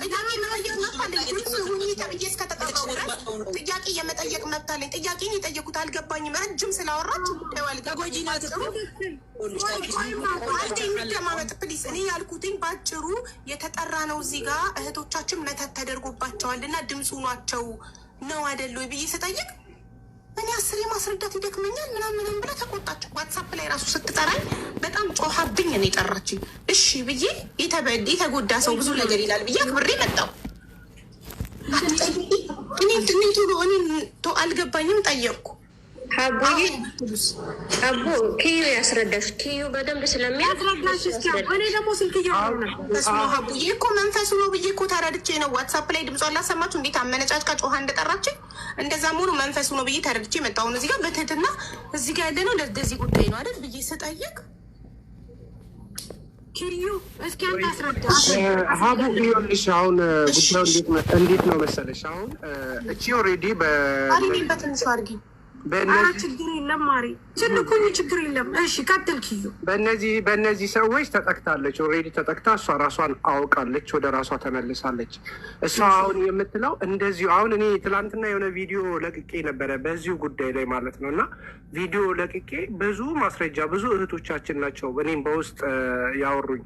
ጥያቄ መጠየቅ መብት አለኝ። ሁኚ ተብዬ ድረስ ጥያቄ የመጠየቅ መብት አለኝ። ጥያቄን የጠየቁት አልገባኝም። ረጅም ስላወራች የሚደማመጥ ፕሊስ። እኔ ያልኩትኝ በአጭሩ የተጠራ ነው። እዚህ ጋር እህቶቻችን መተት ተደርጎባቸዋል እና ድምፁ ኗቸው ነው ብዬ ስጠይቅ እኔ አስር የማስረዳት ይደክመኛል ምናምንም ብላ ተቆጣች። ዋትሳፕ ላይ ራሱ ስትጠራኝ በጣም ጮሃብኝ ነው የጠራች እሺ ብዬ የተጎዳ ሰው ብዙ ነገር ይላል ብዬ አክብሬ መጣው እኔ ቶሎ እኔ አልገባኝም ጠየቅኩ። ኪዩ ያስረዳሽ። ኪዩ በደንብ ስለሚያስረዳሽ እኔ እኮ መንፈሱ ነው ብዬ እኮ ተረድቼ ነው። ዋትሳፕ ላይ ድምጿ ላሰማችሁ እንዴት አመነጫጭቃ ጮሃ እንደጠራች እንደዛ መሆኑ መንፈሱ ነው ብዬ ተረድቼ መጣሁ። እዚህ ጋር በትህትና እዚህ ጋር ያለ ነው ለዚህ ጉዳይ ነው አይደል ብዬ ስጠይቅ ሀቡ ይኸውልሽ፣ አሁን ጉዳዩ እንዴት ነው መሰለሽ፣ አሁን እቺ ኦልሬዲ በ አድርጊ ችግር የለም ማሪ ችንኩኝ ችግር የለም። እሺ ቀጥል ክዩ። በእነዚህ በእነዚህ ሰዎች ተጠቅታለች፣ ኦልሬዲ ተጠቅታ እሷ ራሷን አውቃለች፣ ወደ ራሷ ተመልሳለች። እሷ አሁን የምትለው እንደዚሁ አሁን እኔ ትላንትና የሆነ ቪዲዮ ለቅቄ ነበረ በዚሁ ጉዳይ ላይ ማለት ነው እና ቪዲዮ ለቅቄ ብዙ ማስረጃ ብዙ እህቶቻችን ናቸው እኔም በውስጥ ያወሩኝ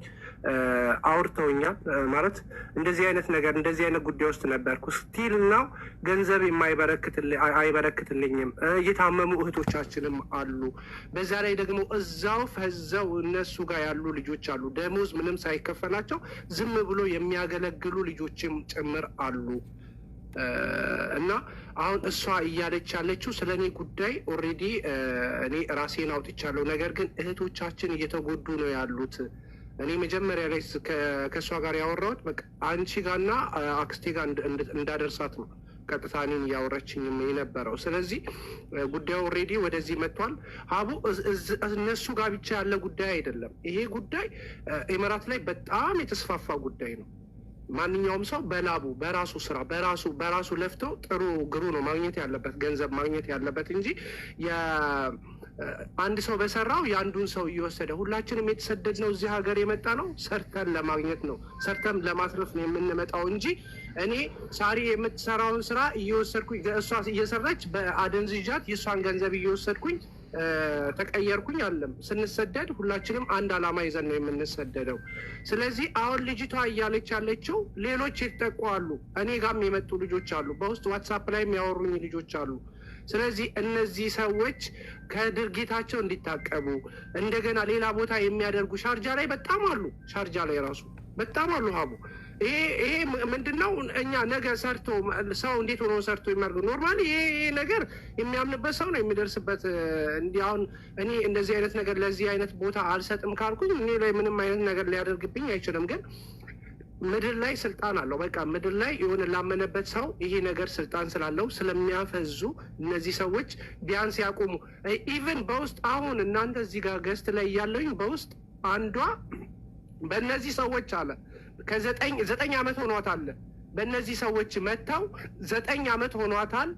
አውርተውኛል። ማለት እንደዚህ አይነት ነገር እንደዚህ አይነት ጉዳይ ውስጥ ነበርኩ ስቲል ናው ገንዘብ አይበረክትልኝም። እየታመሙ እህቶቻችንም አሉ። በዛ ላይ ደግሞ እዛው ፈዛው እነሱ ጋር ያሉ ልጆች አሉ። ደሞዝ ምንም ሳይከፈላቸው ዝም ብሎ የሚያገለግሉ ልጆችም ጭምር አሉ። እና አሁን እሷ እያለች ያለችው ስለ እኔ ጉዳይ ኦልሬዲ እኔ ራሴን አውጥቻለሁ። ነገር ግን እህቶቻችን እየተጎዱ ነው ያሉት እኔ መጀመሪያ ላይ ከእሷ ጋር ያወራሁት አንቺ ጋና አክስቴ ጋር እንዳደርሳት ነው ቀጥታ እኔን እያወራችኝም የነበረው። ስለዚህ ጉዳዩ ኦልሬዲ ወደዚህ መጥቷል። ሀቡ እነሱ ጋር ብቻ ያለ ጉዳይ አይደለም። ይሄ ጉዳይ ኤምራት ላይ በጣም የተስፋፋ ጉዳይ ነው። ማንኛውም ሰው በላቡ በራሱ ስራ በራሱ በራሱ ለፍቶ ጥሩ ግሩ ነው ማግኘት ያለበት ገንዘብ ማግኘት ያለበት እንጂ አንድ ሰው በሰራው የአንዱን ሰው እየወሰደ ሁላችንም የተሰደድ ነው እዚህ ሀገር የመጣ ነው ሰርተን ለማግኘት ነው፣ ሰርተን ለማትረፍ ነው የምንመጣው እንጂ እኔ ሳሪ የምትሰራውን ስራ እየወሰድኩኝ እሷ እየሰራች በአደንዝዣት የእሷን ገንዘብ እየወሰድኩኝ ተቀየርኩኝ አለም። ስንሰደድ ሁላችንም አንድ አላማ ይዘን ነው የምንሰደደው። ስለዚህ አሁን ልጅቷ እያለች ያለችው ሌሎች የተጠቁ አሉ፣ እኔ ጋም የመጡ ልጆች አሉ፣ በውስጥ ዋትሳፕ ላይም ያወሩኝ ልጆች አሉ። ስለዚህ እነዚህ ሰዎች ከድርጊታቸው እንዲታቀቡ እንደገና ሌላ ቦታ የሚያደርጉ ሻርጃ ላይ በጣም አሉ። ሻርጃ ላይ ራሱ በጣም አሉ ሀቡ ይሄ ምንድን ነው? እኛ ነገ ሰርቶ ሰው እንዴት ሆኖ ሰርቶ ይመርግ? ኖርማሊ ይሄ ነገር የሚያምንበት ሰው ነው የሚደርስበት። እንዲሁን እኔ እንደዚህ አይነት ነገር ለዚህ አይነት ቦታ አልሰጥም ካልኩኝ እኔ ላይ ምንም አይነት ነገር ሊያደርግብኝ አይችልም ግን ምድር ላይ ስልጣን አለው። በቃ ምድር ላይ የሆነ ላመነበት ሰው ይሄ ነገር ስልጣን ስላለው ስለሚያፈዙ እነዚህ ሰዎች ቢያንስ ያቁሙ። ኢቨን በውስጥ አሁን እናንተ እዚህ ጋር ገስት ላይ እያለኝ በውስጥ አንዷ በእነዚህ ሰዎች አለ ከዘጠኝ ዘጠኝ ዓመት ሆኗት አለ በእነዚህ ሰዎች መጥተው ዘጠኝ ዓመት ሆኗታል።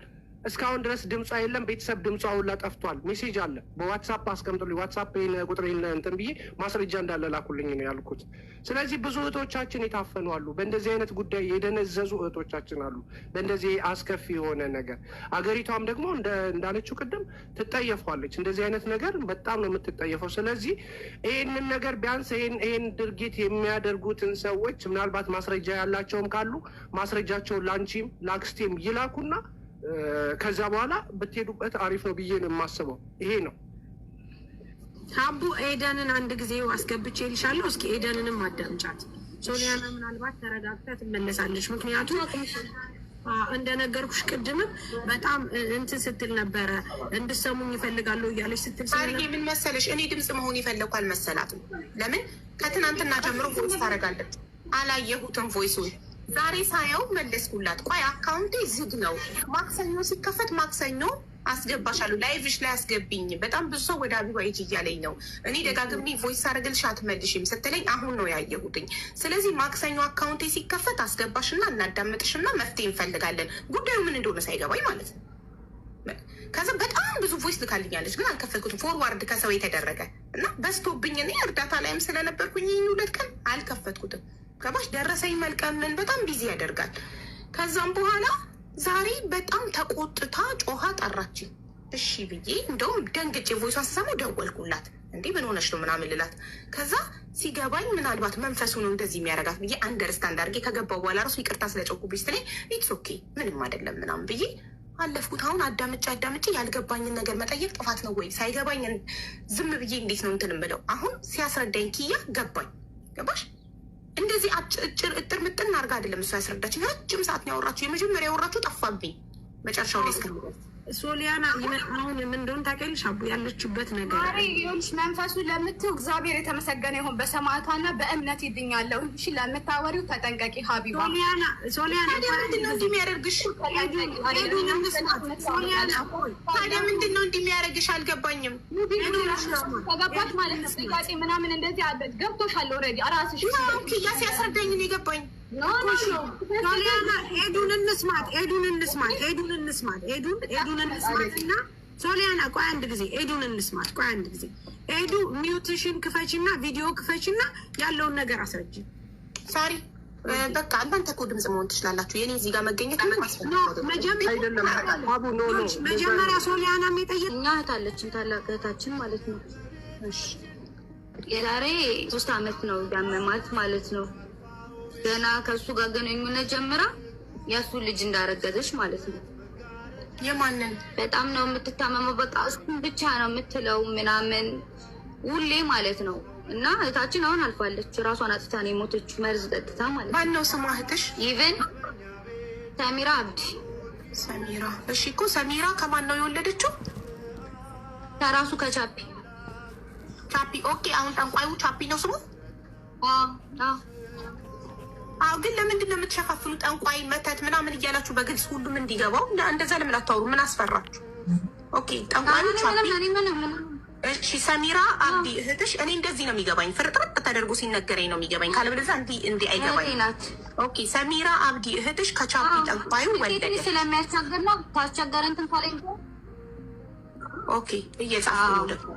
እስካሁን ድረስ ድምፅ የለም። ቤተሰብ ድምፁ አሁን ሁላ ጠፍቷል። ሜሴጅ አለ በዋትሳፕ አስቀምጡልኝ፣ ዋትሳፕ ቁጥር እንትን ብዬ ማስረጃ እንዳለ ላኩልኝ ነው ያልኩት። ስለዚህ ብዙ እህቶቻችን የታፈኑ አሉ። በእንደዚህ አይነት ጉዳይ የደነዘዙ እህቶቻችን አሉ። በእንደዚህ አስከፊ የሆነ ነገር አገሪቷም ደግሞ እንዳለችው ቅድም ትጠየፏለች። እንደዚህ አይነት ነገር በጣም ነው የምትጠየፈው። ስለዚህ ይህንን ነገር ቢያንስ ይህን ድርጊት የሚያደርጉትን ሰዎች ምናልባት ማስረጃ ያላቸውም ካሉ ማስረጃቸውን ላንቺም ላክስቴም ይላኩና ከዛ በኋላ ብትሄዱበት አሪፍ ነው ብዬ ነው የማስበው። ይሄ ነው አቡ። ኤደንን አንድ ጊዜ አስገብቼ ይልሻለሁ። እስኪ ኤደንንም አዳምጫት። ሶሊያና ምናልባት ተረጋግታ ትመለሳለች። ምክንያቱም እንደነገርኩሽ ቅድምም በጣም እንትን ስትል ነበረ። እንድሰሙኝ ይፈልጋለሁ እያለች ስትል ሳርጌ ምን መሰለሽ፣ እኔ ድምፅ መሆን የፈለግኩ አልመሰላትም። ለምን ከትናንትና ጀምሮ ቮይስ ታደርጋለች። አላየሁትም ቮይሱን ዛሬ ሳየው መለስኩላት። ቆይ አካውንቴ ዝግ ነው፣ ማክሰኞ ሲከፈት ማክሰኞ አስገባሻሉ ላይቭሽ ላይ አስገቢኝ። በጣም ብዙ ሰው ወደ አቢባ ሂጂ እያለኝ ነው። እኔ ደጋግሜ ቮይስ አድርግልሽ አትመልሽም ስትለኝ አሁን ነው ያየሁትኝ። ስለዚህ ማክሰኞ አካውንቴ ሲከፈት አስገባሽና እናዳምጥሽና መፍትሄ እንፈልጋለን፣ ጉዳዩ ምን እንደሆነ ሳይገባኝ ማለት ነው። ከዚ በጣም ብዙ ቮይስ ልካልኛለች፣ ግን አልከፈልኩትም። ፎርዋርድ ከሰው የተደረገ እና በስቶብኝ እኔ እርዳታ ላይም ስለነበርኩኝ ሁለት ቀን አልከፈትኩትም። ገባሽ? ደረሰኝ መልቀምን በጣም ቢዚ ያደርጋል። ከዛም በኋላ ዛሬ በጣም ተቆጥታ ጮሃ ጠራችኝ። እሺ ብዬ እንደውም ደንግጬ ቮይሷን ስሰማው ደወልኩላት። እንዴ ምን ሆነች ነው ምናምን ልላት። ከዛ ሲገባኝ ምናልባት መንፈሱ ነው እንደዚህ የሚያደርጋት ብዬ አንደርስታንድ አድርጌ ከገባው በኋላ ራሱ ይቅርታ ስለጮኩብኝ ስትለኝ ኢትስ ኦኬ ምንም አይደለም ምናምን ብዬ አለፍኩት። አሁን አዳምጭ አዳምጭ ያልገባኝን ነገር መጠየቅ ጥፋት ነው ወይ? ሳይገባኝ ዝም ብዬ እንዴት ነው እንትን እምለው? አሁን ሲያስረዳኝ ኪያ ገባኝ። ገባሽ እንደዚህ አጭር እጥር ምጥን አርጋ አይደለም እሱ ያስረዳችኝ። ረጅም ሰዓት ነው ያወራችሁ። የመጀመሪያ ያወራችሁ ጠፋብኝ መጨረሻው ላይ እስከሚደርስ ሶሊያና አሁን ምን እንደሆነ ታውቂያለሽ? አቡ ያለችበት ነገር ይኸውልሽ፣ መንፈሱ ለምትው እግዚአብሔር የተመሰገነ ይሁን። በሰማዕቷና በእምነት ይድኛለሁ። እሺ፣ ለምታወሪው ተጠንቀቂ ሀቢባ። ሶሊያና ሶሊያና ምንድን ነው እንዲህ የሚያደርግሽ? ታዲያ ምንድን ነው እንዲህ የሚያደርግሽ? አልገባኝም። ተገባሽ ማለት ነው። ጥቃቄ ምናምን እንደዚህ አለ ገብቶሻል። ኦልሬዲ እራስሽ ያስረዳኝ ነው የገባኝ ኤዱን እንስማት፣ ኤዱን እንስማት፣ ኤዱን እንስማት፣ ኤዱን ኤዱን እንስማት እና ሶሊያና ቆይ አንድ ጊዜ ኤዱን እንስማት። ቆይ አንድ ጊዜ ኤዱ ሚውትሽን ክፈችና ቪዲዮ ክፈችና ያለውን ነገር አስረጅ። ሳሪ በቃ እናንተ እኮ ድምፅ መሆን ትችላላችሁ። የኔ እዚህ ጋር መገኘት መጀመሪያ ሶሊያና የጠየቅ እኛ እህት ታላቅ እህታችን ማለት ነው። የዛሬ ሶስት አመት ነው ያመማት ማለት ነው። ገና ከእሱ ጋር ግንኙነት ጀምራ የእሱ ልጅ እንዳረገዘች ማለት ነው። የማንን በጣም ነው የምትታመመው። በቃ እሱን ብቻ ነው የምትለው ምናምን ውሌ ማለት ነው። እና እህታችን አሁን አልፋለች። ራሷን አጥታ ነው የሞተች መርዝ ጠጥታ ማለት ነው። ማነው ስሟ እህትሽ? ኢቨን ሰሚራ አብዲ። ሰሚራ እሺ። እኮ ሰሚራ ከማን ነው የወለደችው? ከራሱ ከቻፒ ቻፒ። ኦኬ። አሁን ጠንቋዩ ቻፒ ነው ስሙ። አዎ ግን ለምንድን ነው የምትሸፋፍኑ? ጠንቋይ መተት ምናምን እያላችሁ በግልጽ ሁሉም እንዲገባው እንደዛ ለምን አታወሩ? ምን አስፈራችሁ? ኦኬ ጠንቋዮች እሺ፣ ሰሚራ አብዲ እህትሽ፣ እኔ እንደዚህ ነው የሚገባኝ፣ ፍርጥርጥ ተደርጎ ሲነገረኝ ነው የሚገባኝ። ካለበለዚያ እንዲህ እንዲህ አይገባኝ። ኦኬ፣ ሰሚራ አብዲ እህትሽ ከቻፒ ጠንቋዩ ወለደ ስለሚያስቸግር ነው ታስቸገረን ትንኳላ ኦኬ እየጻፍኩ ደግሞ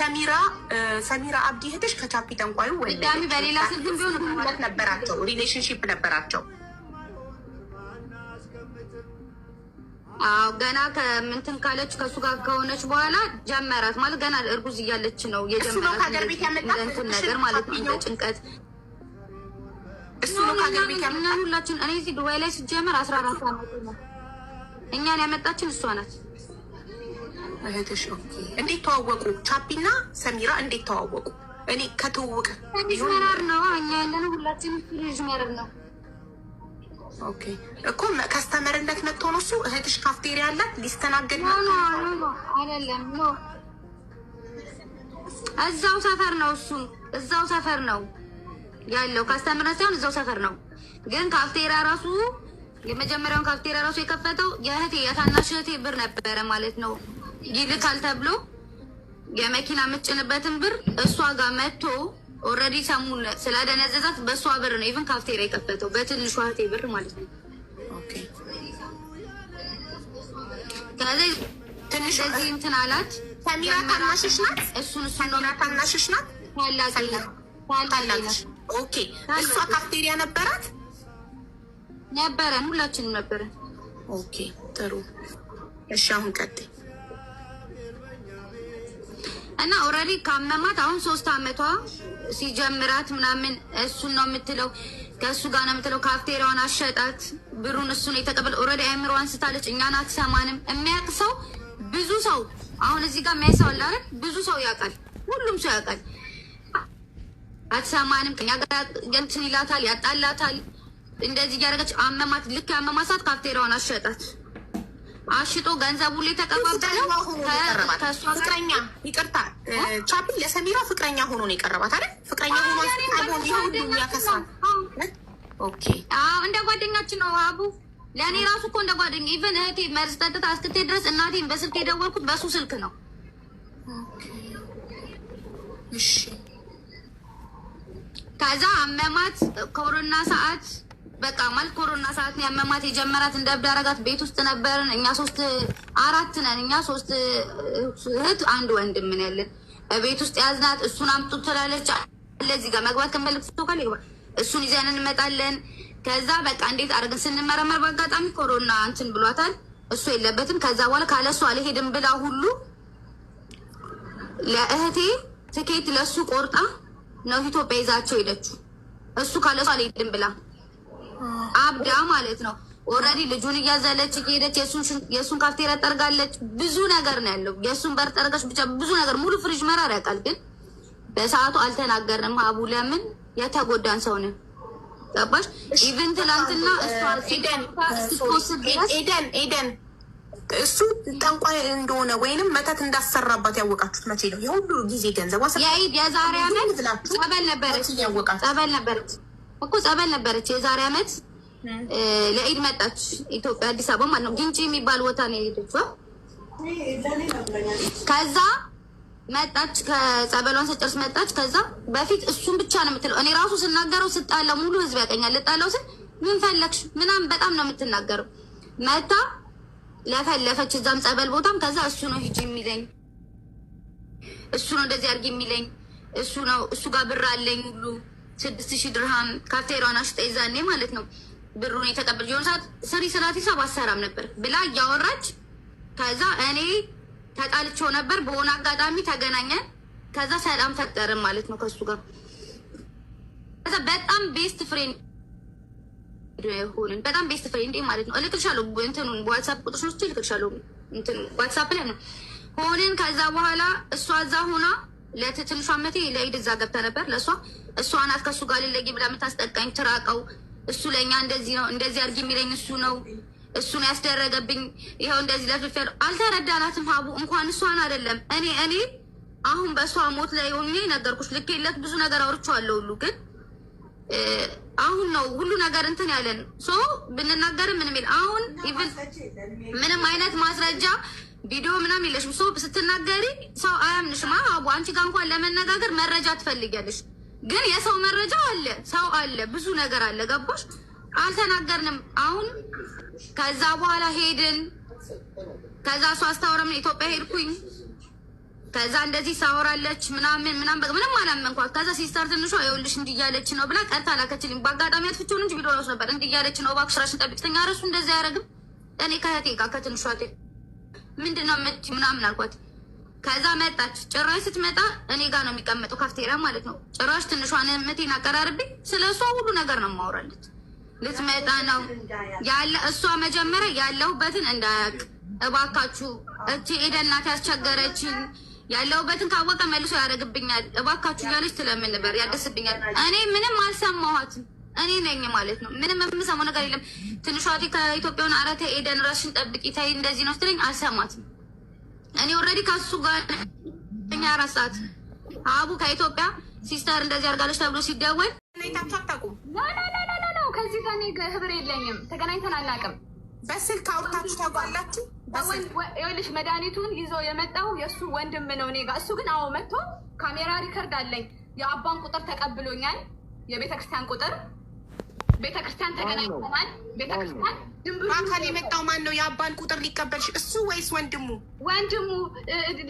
ሰሚራ ሰሚራ አብዲ ሄደሽ ከቻፒ ጠንቋዩ ወይ በሌላ ስልክ ቢሆን ሁለት ነበራቸው፣ ሪሌሽንሽፕ ነበራቸው። አዎ ገና ከምንትን ካለች ከእሱ ጋር ከሆነች በኋላ ጀመራት ማለት ገና እርጉዝ እያለች ነው የጀመራት ቤት ነገር ነገር ማለት ነው ጭንቀት እሱ ነው ከሀገር ቤት ያመጣት። ሁላችን እኔ እዚህ ዱባይ ላይ ስጀመር አስራ አራት ዓመት ነው እኛን ያመጣችን እሷ ናት። እህትሽ እንዴት ተዋወቁ? ቻፒና ሰሚራ እንዴት ተዋወቁ? እኔ ከትውውቅ ሚስመራር ነው እኛ ያለነው ሁላችን ሚስመር ነው ኦኬ እኮ ከስተመርነት መጥቶ ነው እሱ። እህትሽ ካፍቴሪያ አላት ሊስተናገድ አይደለም ኖ እዛው ሰፈር ነው እሱ እዛው ሰፈር ነው ያለው። ከስተመርነት ሳይሆን እዛው ሰፈር ነው ግን ካፍቴሪያ ራሱ የመጀመሪያውን ካፍቴሪያ ራሱ የከፈተው የእህቴ የታናሽ እህቴ ብር ነበረ ማለት ነው። ይልካል ተብሎ የመኪና የምትጭንበትን ብር እሷ ጋር መጥቶ ኦልሬዲ ሰሙን ስላደነዘዛት በእሷ ብር ነው ኢቨን ካፍቴሪያ የከፈተው በትንሿ እህቴ ብር ማለት ነው። ስለዚህ ትንሽ እንትን አላት። ታናሽሽ ናት። እሱን እሱ ሰሚራ ታናሽሽ ናት። ታላቅሽ። ኦኬ እሷ ካፍቴሪያ ነበራት ነበረን፣ ሁላችንም ነበረን። ኦኬ ጥሩ እሺ፣ አሁን ቀጥይ እና ኦልሬዲ ካመማት አሁን ሶስት አመቷ ሲጀምራት ምናምን እሱን ነው የምትለው፣ ከእሱ ጋር ነው የምትለው። ካፍቴሪያውን አሸጣት፣ ብሩን እሱን የተቀበለ ኦልሬዲ አእምሮ አንስታለች። እኛን አትሰማንም። የሚያውቅ ሰው ብዙ ሰው አሁን እዚህ ጋር የሚያይሰው አለ አይደል? ብዙ ሰው ያውቃል፣ ሁሉም ሰው ያውቃል። አትሰማንም፣ ከኛ ጋር እንትን ይላታል፣ ያጣላታል። እንደዚህ እያደረገች አመማት። ልክ ያመማሳት ካፍቴሪያውን አሸጣት። አሽጦ ገንዘቡ ላይ ተቀባበለው ፍቅረኛ ይቅርታ፣ ቻፕል ለሰሚራ ፍቅረኛ ሆኖ ነው የቀረባት አይደል? ፍቅረኛ ሆኖ እንደ ጓደኛችን ነው አቡ። ለእኔ ራሱ እኮ እንደ ጓደኛ ኢቨን እህቴ መርዝ ጠጥታ እስክቴ ድረስ እናቴን በስልክ የደወልኩት በሱ ስልክ ነው። ከዛ አመማት ኮሮና ሰዓት በቃ ማልኮሮና ሰዓት ነው ያመማት የጀመራት እንደ እብድ አረጋት። ቤት ውስጥ ነበርን እኛ ሶስት አራት ነን እኛ ሶስት እህት አንድ ወንድም ነው ያለን። ቤት ውስጥ ያዝናት እሱን አምጡ ትላለች። ለዚህ ጋር መግባት ከመልክ ሶካል እሱን ይዘን እንመጣለን። ከዛ በቃ እንዴት አድርገን ስንመረመር በአጋጣሚ ኮሮና እንትን ብሏታል። እሱ የለበትም። ከዛ በኋላ ካለሱ አልሄድም ብላ ሁሉ ለእህቴ ትኬት ለእሱ ቆርጣ ነው ኢትዮጵያ ይዛቸው ሄደችው። እሱ ካለሱ አልሄድም ብላ አብዳ ማለት ነው። ኦልሬዲ ልጁን እያዘለች ሄደች። የእሱን ካፍቴሪያ ጠርጋለች። ብዙ ነገር ነው ያለው። የእሱን በር ጠርጋች። ብቻ ብዙ ነገር ሙሉ ፍሪጅ መራር ያውቃል። ግን በሰዓቱ አልተናገርንም። አቡ ለምን የተጎዳን ሰው ነን። ገባሽ? ኢቨን ትላንትና ኤደን እሱ ጠንቋይ እንደሆነ ወይንም መተት እንዳሰራባት ያወቃችሁት መቼ ነው? የሁሉ ጊዜ ገንዘብ የዛሬ አመት ጸበል ነበረች ነበረች እኮ ጸበል ነበረች። የዛሬ አመት ለኢድ መጣች ኢትዮጵያ አዲስ አበባ ማለት ነው። ግንጭ የሚባል ቦታ ነው የሄደችው። ከዛ መጣች ከጸበሏን ስጨርስ መጣች። ከዛ በፊት እሱን ብቻ ነው የምትለው። እኔ ራሱ ስናገረው ስጣለው ሙሉ ህዝብ ያቀኛል። ልጣለው ስል ምን ፈለግሽ ምናምን በጣም ነው የምትናገረው። መታ ለፈለፈች እዛም ጸበል ቦታም። ከዛ እሱ ነው ሂጂ የሚለኝ እሱ ነው እንደዚህ አድርጊ የሚለኝ እሱ ነው እሱ ጋር ብር አለኝ ሁሉ ስድስት ሺህ ድርሃም ካፍቴሯን አሽጣ ይዛኔ ማለት ነው ብሩን የተቀበል ሆን ሰዓት ሰሪ ስላት ሂሳብ አሰራም ነበር ብላ እያወራች ከዛ እኔ ተጣልቼው ነበር። በሆነ አጋጣሚ ተገናኘን። ከዛ ሰላም ፈጠርን ማለት ነው ከሱ ጋር ከዛ በጣም ቤስት ፍሬንድ ሆንን። በጣም ቤስት ፍሬንድ ማለት ነው። እልክልሻለሁ እንትኑን ዋትሳፕ ቁጥሮች እልክልሻለሁ። እንትኑ ዋትሳፕ ላይ ነው ሆንን። ከዛ በኋላ እሷ እዛ ሆና ለትንሿ መቴ ለኢድ እዛ ገብተ ነበር። ለእሷ እሷ ናት ከእሱ ጋር ልለይ ብላ የምታስጠቃኝ ትራቀው። እሱ ለእኛ እንደዚህ ነው እንደዚህ አድርጊ የሚለኝ እሱ ነው እሱን ያስደረገብኝ። ይኸው እንደዚህ ለፍፍ አልተረዳናትም። ሀቡ እንኳን እሷን አይደለም እኔ እኔ አሁን በእሷ ሞት ላይ ሆኜ ነገርኩሽ። ልኬለት ብዙ ነገር አውርቼዋለሁ ሁሉ ግን አሁን ነው ሁሉ ነገር እንትን ያለን ሶ ብንናገር ምን ሚል አሁን ኢቭን ምንም አይነት ማስረጃ ቪዲዮ ምናምን የለሽም። ሶ ስትናገሪ ሰው አያምንሽም። አቡ አንቺ ጋር እንኳን ለመነጋገር መረጃ ትፈልጊያለሽ፣ ግን የሰው መረጃ አለ፣ ሰው አለ፣ ብዙ ነገር አለ። ገባሽ? አልተናገርንም። አሁን ከዛ በኋላ ሄድን። ከዛ እሱ አስታውረምን ኢትዮጵያ ሄድኩኝ ከዛ እንደዚህ ሳወራለች ምናምን ምናምን በቃ ምንም አላመንኳ። ከዛ ሲስተር ትንሿ ይኸውልሽ እንዲህ እያለች ነው ብላ ቀጥታ ላከችልኝ። በአጋጣሚ አትፍቼውን እንጂ ቢዶስ ነበር እንዲህ እያለች ነው እባክሽ ስራሽን ጠብቂኝ። ኧረ እሱ እንደዚህ አያደርግም። እኔ ከእህቴ ጋር ከትንሿ ምንድን ነው መች ምናምን አልኳት። ከዛ መጣች። ጭራሽ ስትመጣ እኔ ጋር ነው የሚቀመጠው፣ ካፍቴሪያ ማለት ነው። ጭራሽ ትንሿን እህቴን አቀራርብኝ፣ ስለ እሷ ሁሉ ነገር ነው የማወራለት። ልትመጣ ነው ያለ እሷ መጀመሪያ ያለሁበትን እንዳያውቅ እባካችሁ እቺ ኤደን ናት ያስቸገረችኝ ያለውበትን ካወቀ መልሶ ያደርግብኛል፣ እባካችሁ ያለች ትለምን ነበር። ያደስብኛል። እኔ ምንም አልሰማኋትም። እኔ ነኝ ማለት ነው። ምንም የምሰማው ነገር የለም። ትንሿ ከኢትዮጵያውን አረተ ኤደን ራስሽን ጠብቂ ተይ እንደዚህ ነው ስትለኝ አልሰማትም። እኔ ኦልሬዲ ከሱ ጋር ኛ አራት ሰዓት አቡ ከኢትዮጵያ ሲስተር እንደዚህ አድርጋለች ተብሎ ሲደወል ከዚህ ከኔ ህብር የለኝም። ተገናኝተን አናውቅም። በስልክ አውርታችሁ ታውቃላችሁ ይኸውልሽ መድኃኒቱን ይዞ የመጣው የእሱ ወንድም ነው እኔ ጋር። እሱ ግን አዎ መጥቶ ካሜራ ሪከርድ አለኝ። የአባን ቁጥር ተቀብሎኛል፣ የቤተክርስቲያን ቁጥር ቤተክርስቲያን ተገናኝተናል። ቤተክርስቲያን በአካል የመጣው ማን ነው? የአባን ቁጥር ሊቀበልሽ እሱ ወይስ ወንድሙ? ወንድሙ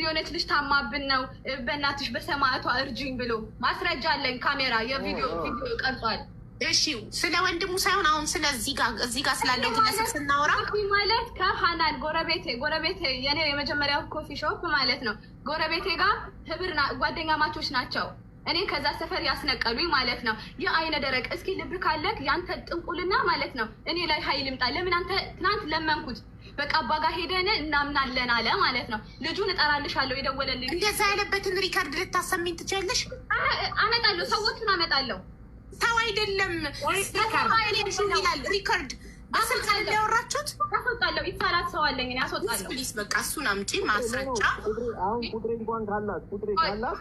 የሆነች ልጅ ታማብን ነው፣ በእናትሽ በሰማዕቷ እርጅኝ ብሎ ማስረጃ አለኝ። ካሜራ የቪዲዮ ቪዲዮ ቀርጿል። እሺ ስለ ወንድሙ ሳይሆን አሁን ስለዚህ ጋር እዚህ ጋር ስላለው ግለሰብ ስናወራ ማለት ከሀናን ጎረቤቴ ጎረቤቴ የኔ የመጀመሪያው ኮፊ ሾፕ ማለት ነው። ጎረቤቴ ጋር ህብር ጓደኛ ማቾች ናቸው። እኔ ከዛ ሰፈር ያስነቀሉኝ ማለት ነው። አይነ ደረቅ እስኪ ልብ ካለክ ያንተ ጥንቁልና ማለት ነው እኔ ላይ ሀይል ይምጣ። ለምን አንተ ትናንት ለመንኩት በቃ አባ ጋር ሄደን እናምናለን አለ ማለት ነው። ልጁን እጠራልሻለሁ የደወለልኝ እንደዛ ያለበትን ሪከርድ ልታሰሚኝ ትችያለሽ? አመጣለሁ፣ ሰዎቹን አመጣለሁ ተው አይደለም ይላል ሪከርድ በስልክ ያወራችሁት አስወጣለሁ። ይቻላት ሰው አለኝ እኔ አስወጣለሁ። ፕሊስ በቃ እሱን አምጪ ማስረጫ እንኳን ካላት ካላት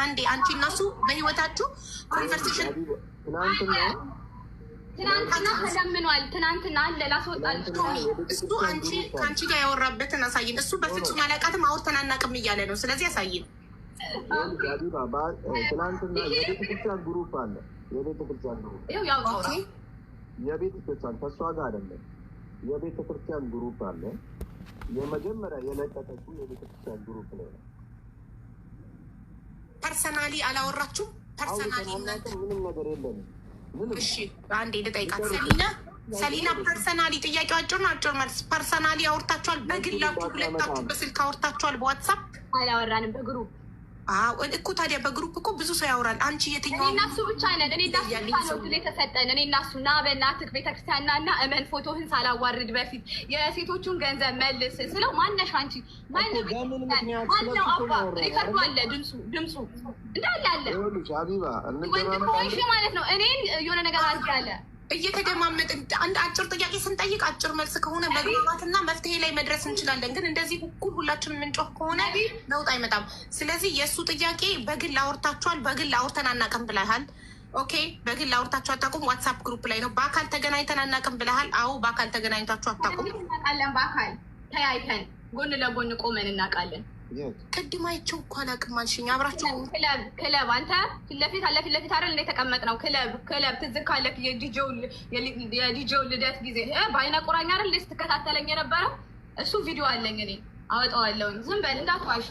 አንዴ አንቺ እነሱ በህይወታችሁ ኮንቨርሴሽን ትናንትና ተለምኗል። ትናንትና አለ ላስወጣል እሱ አንቺ ከአንቺ ጋር ያወራበትን አሳይን። እሱ በፍጹም ያለቃትም አውርተን አናውቅም እያለ ነው። ስለዚህ አሳይን። የቤተክርስቲያን ግሩፕ አለ። የቤተክርስቲያን ግሩፕ የቤተክርስቲያን ከእሷ ጋር አይደለም። የቤተክርስቲያን ግሩፕ አለ። የመጀመሪያ የለቀቀችው የቤተክርስቲያን ግሩፕ ነው ፐርሰናሊ አላወራችሁም? ፐርሰናሊ ምንም ነገር የለም። እሺ አንዴ ልጠይቃት ሰሊና ሰሊና ፐርሰናሊ ጥያቄው አጭር አጭር መልስ ፐርሰናሊ አውርታችኋል? በግላችሁ ሁለታችሁ በስልክ አውርታችኋል? በዋትሳፕ አላወራንም በግሩፕ እኮ ታዲያ በግሩፕ እኮ ብዙ ሰው ያወራል። አንቺ የትኛው? እኔ እናሱ ብቻ ነን። እኔ እናሱ ብቻ ነው ድል የተሰጠን። እኔ እናሱ ና በእናትህ ቤተክርስቲያን ና እና እመን ፎቶህን ሳላዋርድ በፊት የሴቶቹን ገንዘብ መልስ ስለው ማነሽ አንቺ ማነው? ማነው አባ ሪከርዱ አለ ድምፁ ድምፁ እንዳለ አለ ወንድ ፕሮሽ ማለት ነው። እኔን የሆነ ነገር አዝ አለ እየተደማመጥ አንድ አጭር ጥያቄ ስንጠይቅ አጭር መልስ ከሆነ መግባባትና መፍትሄ ላይ መድረስ እንችላለን። ግን እንደዚህ እኩል ሁላችን የምንጮህ ከሆነ ለውጥ አይመጣም። ስለዚህ የእሱ ጥያቄ በግል አውርታችኋል፣ በግል አውርተን አናውቅም ብለሃል። ኦኬ፣ በግል አውርታችሁ አታውቁም። ዋትሳፕ ግሩፕ ላይ ነው። በአካል ተገናኝተን አናውቅም ብለሃል። አዎ፣ በአካል ተገናኝታችሁ አታውቁም። በአካል ተያይተን ጎን ለጎን ቆመን እናውቃለን። ቅድም አይቼው እኮ አላውቅም አልሽኝ። አብራቸው ክለብ ክለብ አንተ ፊት ለፊት አለ ፊት ለፊት አይደል የተቀመጥ ነው። ክለብ ክለብ ትዝ ካለህ የዲጄው ልደት ጊዜ በአይነ ቁራኛ አይደል ስትከታተለኝ የነበረው እሱ ቪዲዮ አለኝ እኔ አወጣዋለሁ። ዝም በል እንዳትዋሽ።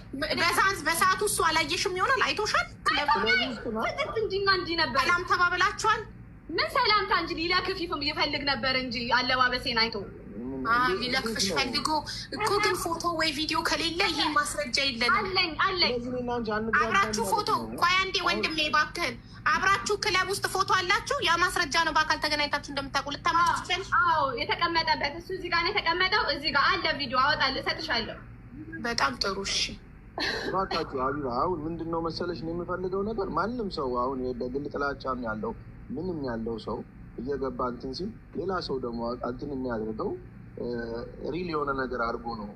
በሰዓቱ እሱ አላየሽም ይሆናል አይቶሻል። እንዲና እንጂና እንዲህ ነበር። ሰላም ተባብላችኋል? ምን ሰላምታ እንጂ ሌላ ክፊፍም ይፈልግ ነበር እንጂ አለባበሴን አይቶ ሊለክፍሽ ፈልጎ እኮ ግን ፎቶ ወይ ቪዲዮ ከሌለ ይሄ ማስረጃ የለንም። አለኝ አለኝ። አብራችሁ ፎቶ ቆይ አንዴ ወንድሜ እባክህን አብራችሁ ክለብ ውስጥ ፎቶ አላችሁ። ያ ማስረጃ ነው። በአካል ተገናኝታችሁ እንደምታውቁ ልታመችችል የተቀመጠበት እሱ እዚህ ጋር ነው የተቀመጠው። እዚህ ጋር አለ ቪዲዮ አወጣለሁ፣ እሰጥሻለሁ። በጣም ጥሩ እሺ። እባካችሁ አቢባ፣ አሁን ምንድን ነው መሰለሽ ነው የምፈልገው ነገር ማንም ሰው አሁን በግል ጥላቻም ያለው ምንም ያለው ሰው እየገባ እንትን ሲል ሌላ ሰው ደግሞ እንትን የሚያደርገው ሪል የሆነ ነገር አድርጎ ነው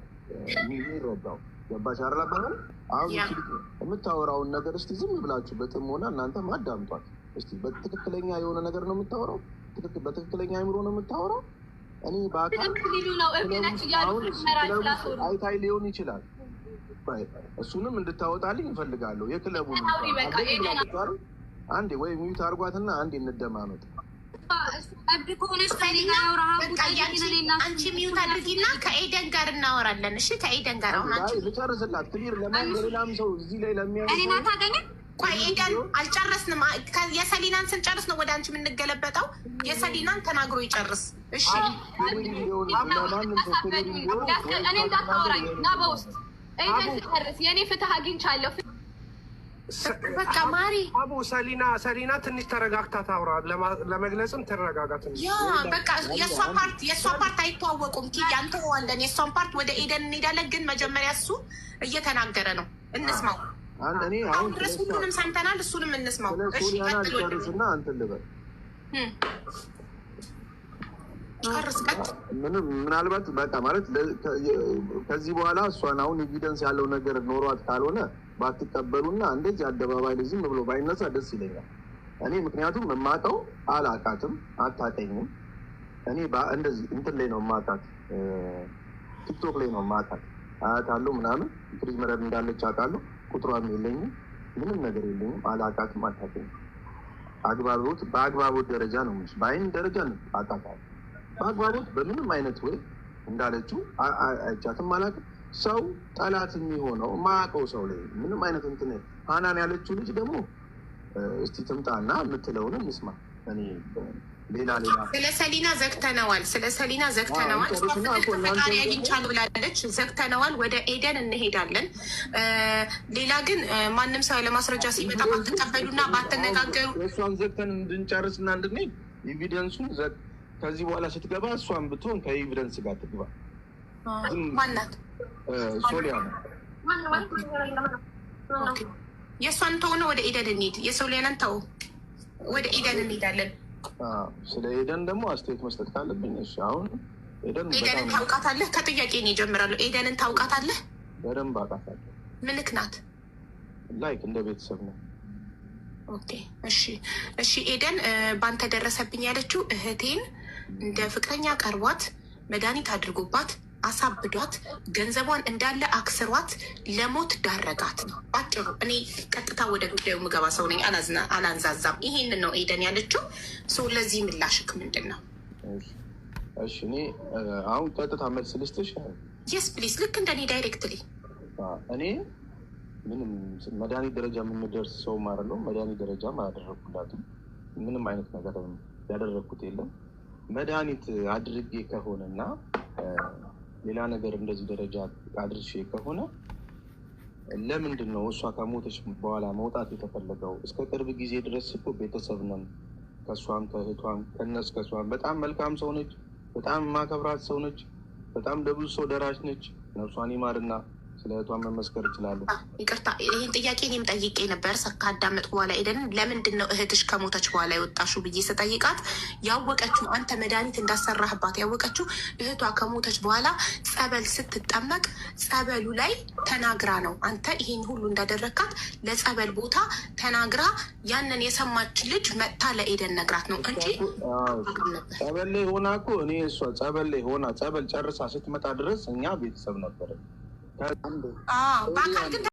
የሚረዳው። ገባሽ አራባል አሁን የምታወራውን ነገር እስቲ ዝም ብላችሁ በጥም ሆና እናንተም አዳምጧት። እስቲ በትክክለኛ የሆነ ነገር ነው የምታወራው፣ በትክክለኛ አይምሮ ነው የምታወራው። እኔ በአካል አይታይ ሊሆን ይችላል። እሱንም እንድታወጣልኝ እፈልጋለሁ። የክለቡ አንዴ ወይ ሚዩት አድርጓትና አንዴ እንደማመጥ አንቺ ሚውት አድርጊና ከኤደን ጋር እናወራለን። እሺ ከኤደን ጋር አሁን አንቺ ልጨርስላት ትቢር ለሌላም ሰው እዚህ ላይ ለሚያእኔና ታገኘ ቆይ ኤደን አልጨረስንም። የሰሊናን ስንጨርስ ነው ወደ አንቺ የምንገለበጠው። የሰሊናን ተናግሮ ይጨርስ። እሺ እኔ እንዳታወራኝ ና በውስጥ ኤደን ስጨርስ የእኔ ፍትህ አግኝቻለሁ። በቃ ማሪ አቦ ሰሊና ሰሊና ትንሽ ተረጋግታ ታውራ ለመግለጽም ተረጋጋት። በቃ የእሷ ፓርት የእሷ ፓርት አይተዋወቁም። ኪ አንተ ዋለን የእሷን ፓርት ወደ ኤደን እንሄዳለን፣ ግን መጀመሪያ እሱ እየተናገረ ነው። እንስማው። አሁን ድረስ ሁሉንም ሰምተናል። እሱንም እንስማው። ሱሪያናና እንትን ልበል ምናልባት በቃ ማለት ከዚህ በኋላ እሷን አሁን ኤቪደንስ ያለው ነገር ኖሯት ካልሆነ ባትቀበሉና እንደዚህ አደባባይ ላይ ዝም ብሎ ባይነሳ ደስ ይለኛል። እኔ ምክንያቱም የማውቀው አላቃትም አታቀኝም። እኔ እንደዚህ እንትን ላይ ነው የማውቃት፣ ቲክቶክ ላይ ነው የማውቃት። አያታለሁ ምናምን ፍሪጅ መረብ እንዳለች አውቃለሁ። ቁጥሯም የለኝም፣ ምንም ነገር የለኝም፣ አላቃትም አታውቀኝም። አግባቦት በአግባቦት ደረጃ ነው ች በአይን ደረጃ አውቃታለሁ። በአግባቦት በምንም አይነት ወይ እንዳለችው አይቻትም አላውቅም ሰው ጠላት የሚሆነው ማቀው ሰው ላይ ምንም አይነት እንትን ሀናን ያለችው ልጅ ደግሞ እስቲ ትምጣና የምትለውን እንስማ። እኔ ሌላ ሌላ ስለ ሰሊና ዘግተነዋል፣ ስለ ሰሊና ዘግተነዋል። ፈጣሪ አግኝቻለሁ ብላለች፣ ዘግተነዋል። ወደ ኤደን እንሄዳለን። ሌላ ግን ማንም ሰው ለማስረጃ ሲመጣ ባትቀበሉና ባትነጋገሩ እሷን ዘግተን እንድንጨርስና እንድንሄድ ኤቪደንሱን ከዚህ በኋላ ስትገባ እሷን ብትሆን ከኤቪደንስ ጋር ትግባ። የእሷን ተው ነው። ወደ ኢደን እንሂድ። የሰው ተው፣ ወደ ኢደን እንሄዳለን። ስለ ኤደን ደግሞ አስተያየት መስጠት ካለብኝ እሺ። አሁን ኤደንን ታውቃታለህ? ከጥያቄ ነው ይጀምራለሁ። ኤደንን ታውቃታለህ? በደንብ አውቃታለሁ። ምልክ ናት፣ ላይክ እንደ ቤተሰብ ነው። ኦኬ፣ እሺ፣ እሺ። ኤደን በአንተ ደረሰብኝ ያለችው እህቴን እንደ ፍቅረኛ ቀርቧት መድኃኒት አድርጎባት አሳብዷት ገንዘቧን እንዳለ አክስሯት ለሞት ዳረጋት ነው ባጭሩ። እኔ ቀጥታ ወደ ጉዳዩ ምገባ ሰው ነኝ፣ አላንዛዛም። ይሄንን ነው ኤደን ያለችው። ሰው ለዚህ ምላሽክ ምንድን ነው? እሺ እኔ አሁን ቀጥታ መልስ ልስጥሽ። የስ ፕሊስ። ልክ እንደኔ ዳይሬክትሊ እኔ ምንም መድኃኒት ደረጃ የምንደርስ ሰው ማረለው መድኃኒት ደረጃም አላደረግኩላትም። ምንም አይነት ነገር ያደረግኩት የለም። መድኃኒት አድርጌ ከሆነና ሌላ ነገር እንደዚህ ደረጃ አድርሼ ከሆነ ለምንድን ነው እሷ ከሞተች በኋላ መውጣት የተፈለገው? እስከ ቅርብ ጊዜ ድረስ እኮ ቤተሰብ ነን። ከእሷም ከእህቷም ከነስ ከእሷም በጣም መልካም ሰው ነች። በጣም ማከብራት ሰው ነች። በጣም ለብዙ ሰው ደራሽ ነች። ነፍሷን ይማርና ስለቷን መመስከር እችላለሁ። ይቅርታ ይህን ጥያቄ እኔም ጠይቄ ነበር ካዳመጥኩ በኋላ ኤደን፣ ለምንድን ነው እህትሽ ከሞተች በኋላ የወጣሽው ብዬ ስጠይቃት ያወቀችው አንተ መድኃኒት እንዳሰራህባት ያወቀችው እህቷ ከሞተች በኋላ ጸበል ስትጠመቅ ጸበሉ ላይ ተናግራ ነው። አንተ ይህን ሁሉ እንዳደረግካት ለጸበል ቦታ ተናግራ ያንን የሰማች ልጅ መጥታ ለኤደን ነግራት ነው እንጂ ጸበል ላይ ሆና እኮ እኔ እሷ ጸበል ላይ ሆና ጸበል ጨርሳ ስትመጣ ድረስ እኛ ቤተሰብ ነበረ። 아, 막 가끔